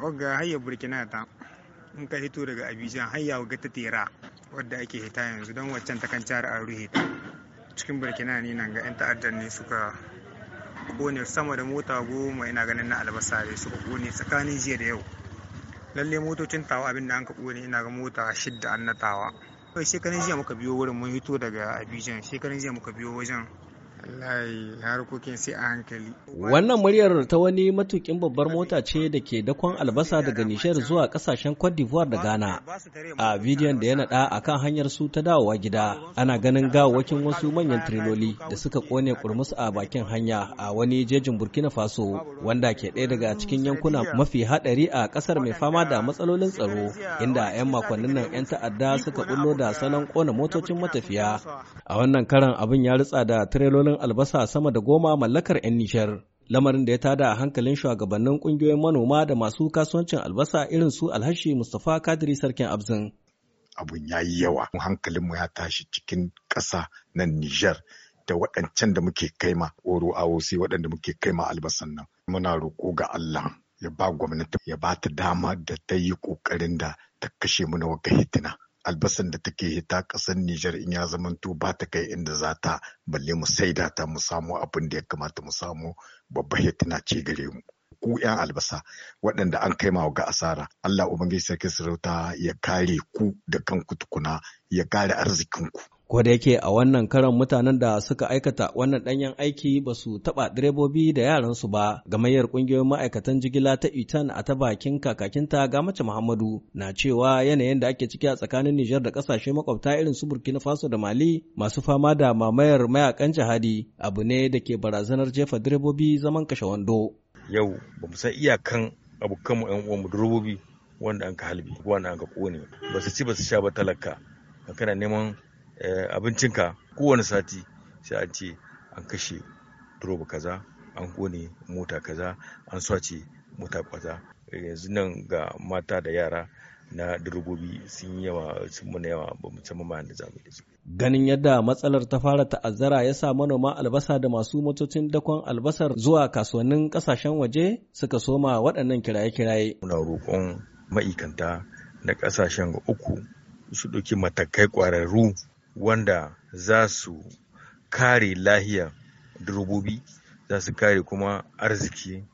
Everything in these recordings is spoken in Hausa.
wagga hayya burkina ta in ka hito daga abijan hayya wa ta tera wadda ake hita yanzu don waccan ta kan cara a ruhe ta cikin burkina ne nan ga 'yan ta'addar ne suka kone sama da mota goma ina ganin na albasa ne suka kone tsakanin jiya da yau lalle motocin tawa abin da an ka kone ina ga mota shidda an na tawa shekarun jiya muka biyo wurin mun hito daga abijan shekarun jiya muka biyo wajen Wannan muryar ta wani matukin babbar mota ce da ke dakon albasa daga Nishar zuwa kasashen Cote d'Ivoire da Ghana. A bidiyon da ya naɗa a kan hanyar su ta dawowa gida, ana ganin gawawakin wasu manyan triloli da suka kone kurmus a bakin hanya a wani jejin Burkina Faso wanda ke ɗaya daga cikin yankuna mafi haɗari a ƙasar mai fama da matsalolin tsaro inda 'yan makonnin nan 'yan ta'adda suka bullo da salon kona motocin matafiya. A wannan karan abin ya ritsa da trilolin buhunan albasa sama da goma mallakar 'yan Nijar, Lamarin da ya tada a hankalin shugabannin kungiyoyin manoma da masu kasuwancin albasa irin su Alhashi Mustapha Kadiri Sarkin Abzin. Abun ya yi yawa, hankalinmu ya tashi cikin ƙasa na Nijar da waɗancan da muke kaima oro awosi waɗanda muke kaima albasan nan. Muna roƙo ga Allah ya ba gwamnati ya ba ta dama da ta yi ƙoƙarin da ta kashe mu na waka hitina. albasan da take hita kasar Nijar in ya zamanto ba ta kai inda za ta balle mu saida ta mu samu abin da ya kamata mu samu babba hitina ce gare mu. Ku 'yan albasa waɗanda an kai ma ga asara Allah Ubangiji Sarki Sarauta ya kare ku da kanku tukuna ya kare arzikinku. Ko da yake a wannan karan mutanen da suka aikata wannan ɗanyen aiki ba su taɓa direbobi da yaransu ba, gamayyar kungiyoyin ma'aikatan jigila ta Itan a ta bakin kakakinta ga mace Muhammadu na cewa yanayin da ake ciki a tsakanin Nijar da kasashe makwabta irin su Burkina Faso da Mali masu fama da mamayar mayakan jihadi abu ne da ke barazanar jefa direbobi zaman kashe wando. Yau ba mu san iyakan abokanmu 'yan mu direbobi wanda an ka halbi wanda an ka kone ba su ci ba su sha ba talaka kana neman Eh, abincinka kowane sati sai an ce an kashe turoba kaza an kone mota kaza an sace mota kaza eh, yanzu nan ga mata da yara na direbobi sun yawa sun mana yawa ba mu san ma da zamu da su ganin yadda matsalar ta fara ta'azzara ya sa manoma albasa da masu motocin dakon albasar zuwa kasuwannin kasashen waje suka soma waɗannan kiraye-kiraye muna roƙon ma'ikanta na kasashen uku su ɗauki matakai ƙwararru wanda za su kare lahiya direbobi, za su kare kuma arziki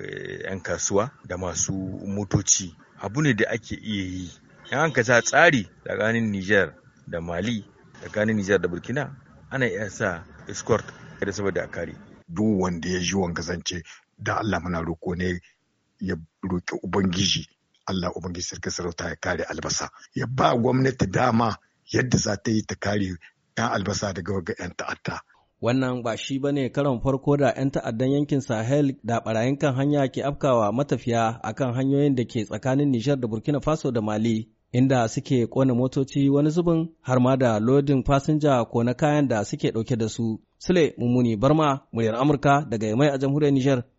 eh, 'yan kasuwa da masu motoci abu ne da ake iya yi yan an sa tsari tsakanin niger da mali tsakanin niger da burkina ana iya sa escort da saboda a kare duk wanda ya ji wanga zance da allah muna roko ne ya roƙi ubangiji allah ubangiji sarki sarauta ya kare albasa ya ba gwamnati dama yadda za ta yi ta kare 'yan albasa daga waga 'yan ta'adda. Wannan ba shi ba ne karon farko da 'yan ta'addan yankin Sahel da barayin kan hanya ke afkawa matafiya akan hanyoyin da ke tsakanin Nijar da Burkina Faso da Mali. Inda suke ƙona motoci wani zubin har ma da lodin fasinja ko na kayan da suke ɗauke da su. Sule Mummuni Barma, muryar Amurka daga Yamai a jamhuriyar Nijar.